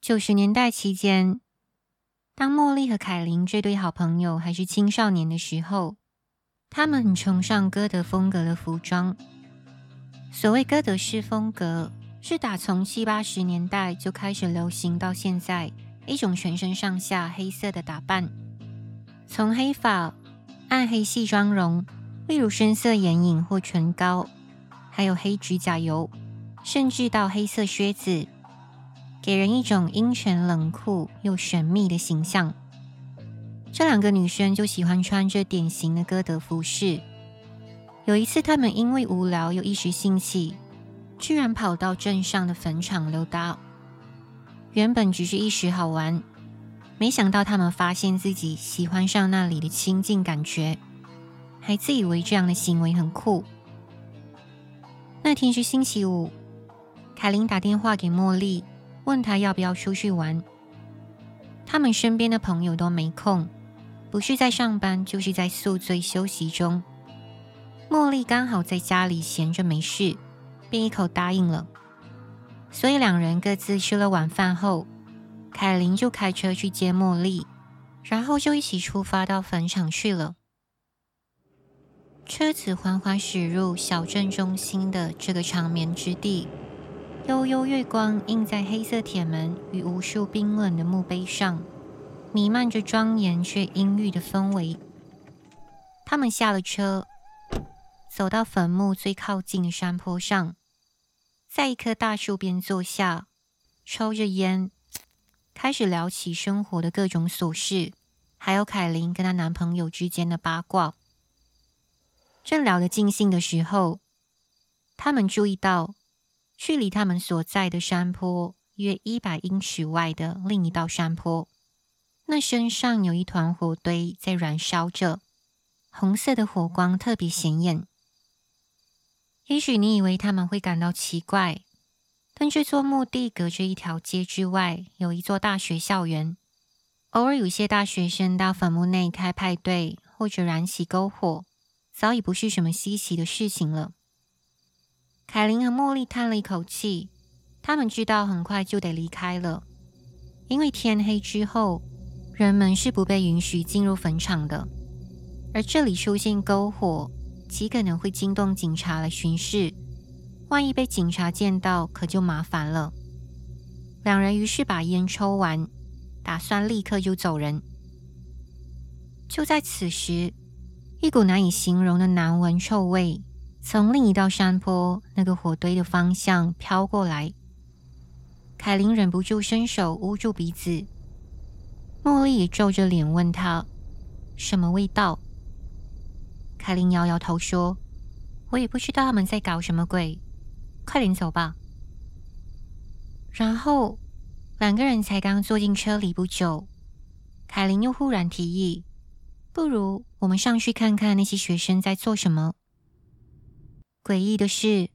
九十年代期間，當茉莉和凱琳這對好朋友還是青少年的時候，他們很崇尚歌德風格的服裝。所謂歌德式風格，是打從七八十年代就開始流行到現在，一種全身上下黑色的打扮，從黑髮、暗黑系妝容，例如深色眼影或唇膏，還有黑指甲油。甚至到黑色靴子，給人一種陰沉、冷酷又神秘的形象。這兩個女生就喜歡穿着典型的哥德服飾。有一次，她們因為無聊又一時興起，居然跑到鎮上的墳場溜達。原本只是一時好玩，沒想到她們發現自己喜歡上那裡的清靜感覺，還自以為這樣的行為很酷。那天是星期五。凱琳打電話給茉莉，問她要不要出去玩。她們身邊的朋友都沒空，不是在上班，就是在宿醉休息中。茉莉剛好在家裡閒着沒事，便一口答應了。所以兩人各自吃了晚飯後，凱琳就開車去接茉莉，然後就一起出發到墳場去了。車子緩緩駛入小鎮中心的這個長眠之地。悠悠月光映在黑色鐵門與無數冰冷的墓碑上，彌漫着莊嚴卻陰鬱的氛圍。他們下了車，走到墳墓最靠近的山坡上，在一棵大樹邊坐下，抽着煙，開始聊起生活的各種瑣事，還有凱琳跟她男朋友之間的八卦。正聊得盡興的時候，他們注意到，距離他們所在的山坡約一百英尺外的另一道山坡，那山上有一團火堆在燃燒着，紅色的火光特別顯眼。也許你以為他們會感到奇怪，但這座墓地隔着一條街之外有一座大學校園，偶爾有些大學生到墳墓內開派對或者燃起篝火，早已不是什麼稀奇的事情了。凱琳和茉莉嘆了一口氣，她們知道很快就得離開了，因為天黑之後，人們是不被允許進入墳場的。而這裡出現篝火，極可能會驚動警察來巡視，萬一被警察見到，可就麻煩了。兩人於是把煙抽完，打算立刻就走人。就在此時，一股難以形容的難聞臭味。從另一道山坡那個火堆的方向飄過來，凱琳忍不住伸手捂住鼻子。茉莉也皺着臉問她：“什麼味道？”凱琳搖搖頭說：“我也不知道他們在搞什麼鬼，快點走吧。”然後兩個人才剛坐進車裡不久，凱琳又忽然提議：“不如我們上去看看那些學生在做什麼？”詭異的是，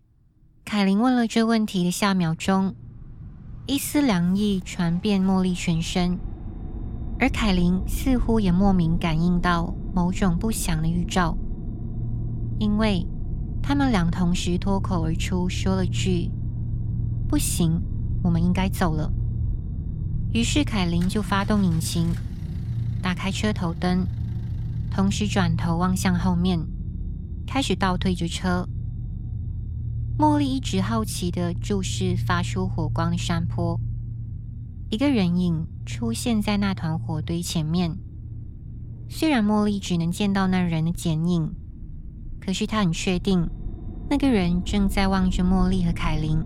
凱琳問了這問題的下秒鐘，一絲涼意傳遍茉莉全身，而凱琳似乎也莫名感應到某種不祥的預兆，因為他們倆同時脫口而出說了句：“不行，我們應該走了。”於是凱琳就發動引擎，打開車頭燈，同時轉頭望向後面，開始倒退着車。茉莉一直好奇的注視發出火光的山坡，一個人影出現在那團火堆前面。雖然茉莉只能見到那人的剪影，可是她很確定，那個人正在望着茉莉和凱琳。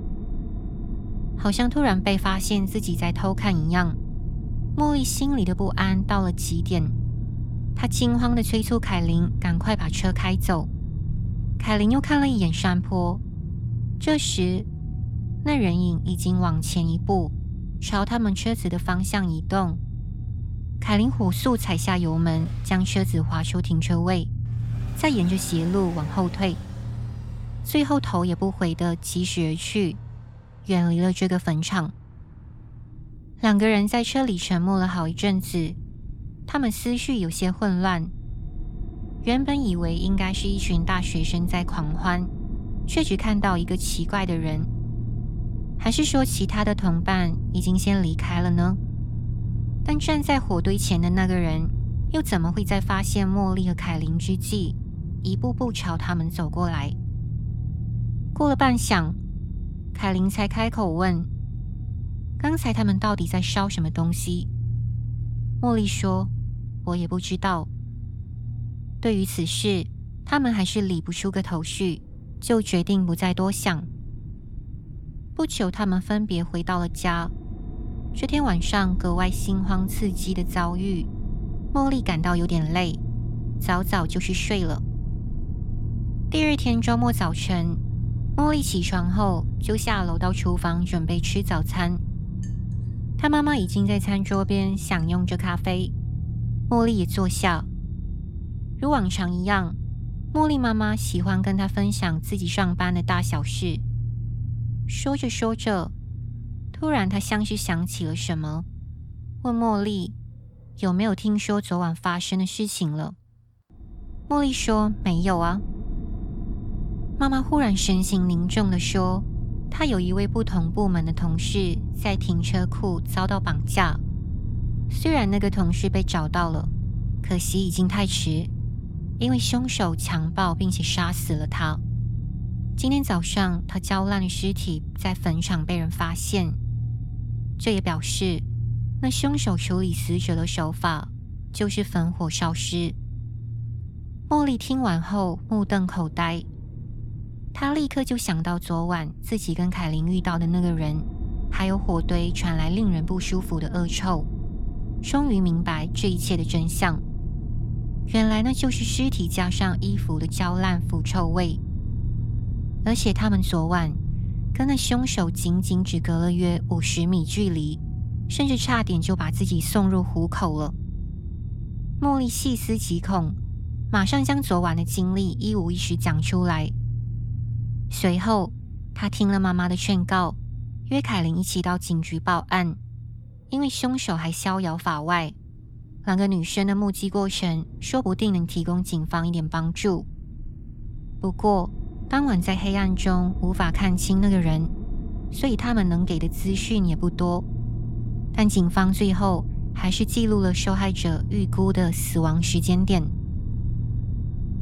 好像突然被發現自己在偷看一樣，茉莉心裡的不安到了極點。她驚慌的催促凱琳趕快把車開走。凱琳又看了一眼山坡。這時，那人影已經往前一步，朝他們車子的方向移動。凱林火速踩下油門，將車子滑出停車位，再沿着斜路往後退，最後頭也不回地疾駛而去，遠離了這個墳場。兩個人在車裡沉默了好一陣子，他們思緒有些混亂。原本以為應該是一群大學生在狂歡。卻只看到一個奇怪的人，還是說其他的同伴已經先離開了呢？但站在火堆前的那個人，又怎麼會在發現茉莉和凱琳之際，一步步朝他們走過來？過了半晌，凱琳才開口問：“剛才他們到底在燒什麼東西？”茉莉說：“我也不知道。”對於此事，他們還是理不出個頭緒。就決定不再多想。不久，他們分別回到了家。這天晚上格外心慌刺激的遭遇，茉莉感到有點累，早早就去睡了。第二天週末早晨，茉莉起床後就下樓到廚房準備吃早餐。她媽媽已經在餐桌邊享用着咖啡，茉莉也坐下，如往常一樣。茉莉媽媽喜歡跟她分享自己上班的大小事。說着說着，突然她像是想起了什麼，問茉莉：“有沒有聽說昨晚發生的事情了？”茉莉說：“沒有啊。”媽媽忽然神情凝重的說：“她有一位不同部門的同事在停車庫遭到綁架，雖然那個同事被找到了，可惜已經太遲。”因為兇手強暴並且殺死了她。今天早上，她焦爛的屍體在墳場被人發現。這也表示，那兇手處理死者的手法就是焚火燒屍。茉莉聽完後目瞪口呆，她立刻就想到昨晚自己跟凱琳遇到的那個人，還有火堆傳來令人不舒服的惡臭，終於明白這一切的真相。原來那就是屍體加上衣服的焦爛腐臭味，而且他們昨晚跟那凶手僅僅只隔了約五十米距離，甚至差點就把自己送入虎口了。茉莉細思極恐，馬上將昨晚的經歷一五一十講出來。隨後，她聽了媽媽的勸告，約凱琳一起到警局報案，因為凶手還逍遙法外。兩個女生的目擊過程，說不定能提供警方一點幫助。不過，當晚在黑暗中無法看清那個人，所以他們能給的資訊也不多。但警方最後還是記錄了受害者預估的死亡時間點。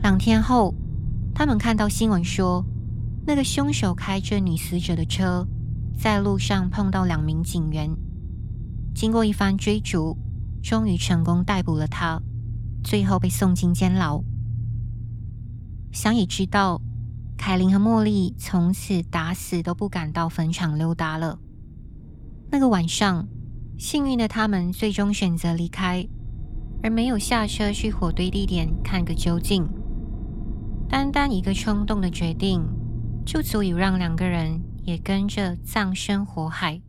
兩天後，他們看到新聞說，那個兇手開着女死者的車，在路上碰到兩名警員。經過一番追逐，終於成功逮捕了他，最後被送進監牢。想也知道，凱琳和茉莉從此打死都不敢到墳場溜達了。那個晚上，幸運的他們最終選擇離開，而沒有下車去火堆地點看個究竟。單單一個衝動的決定，就足以讓兩個人也跟着葬身火海。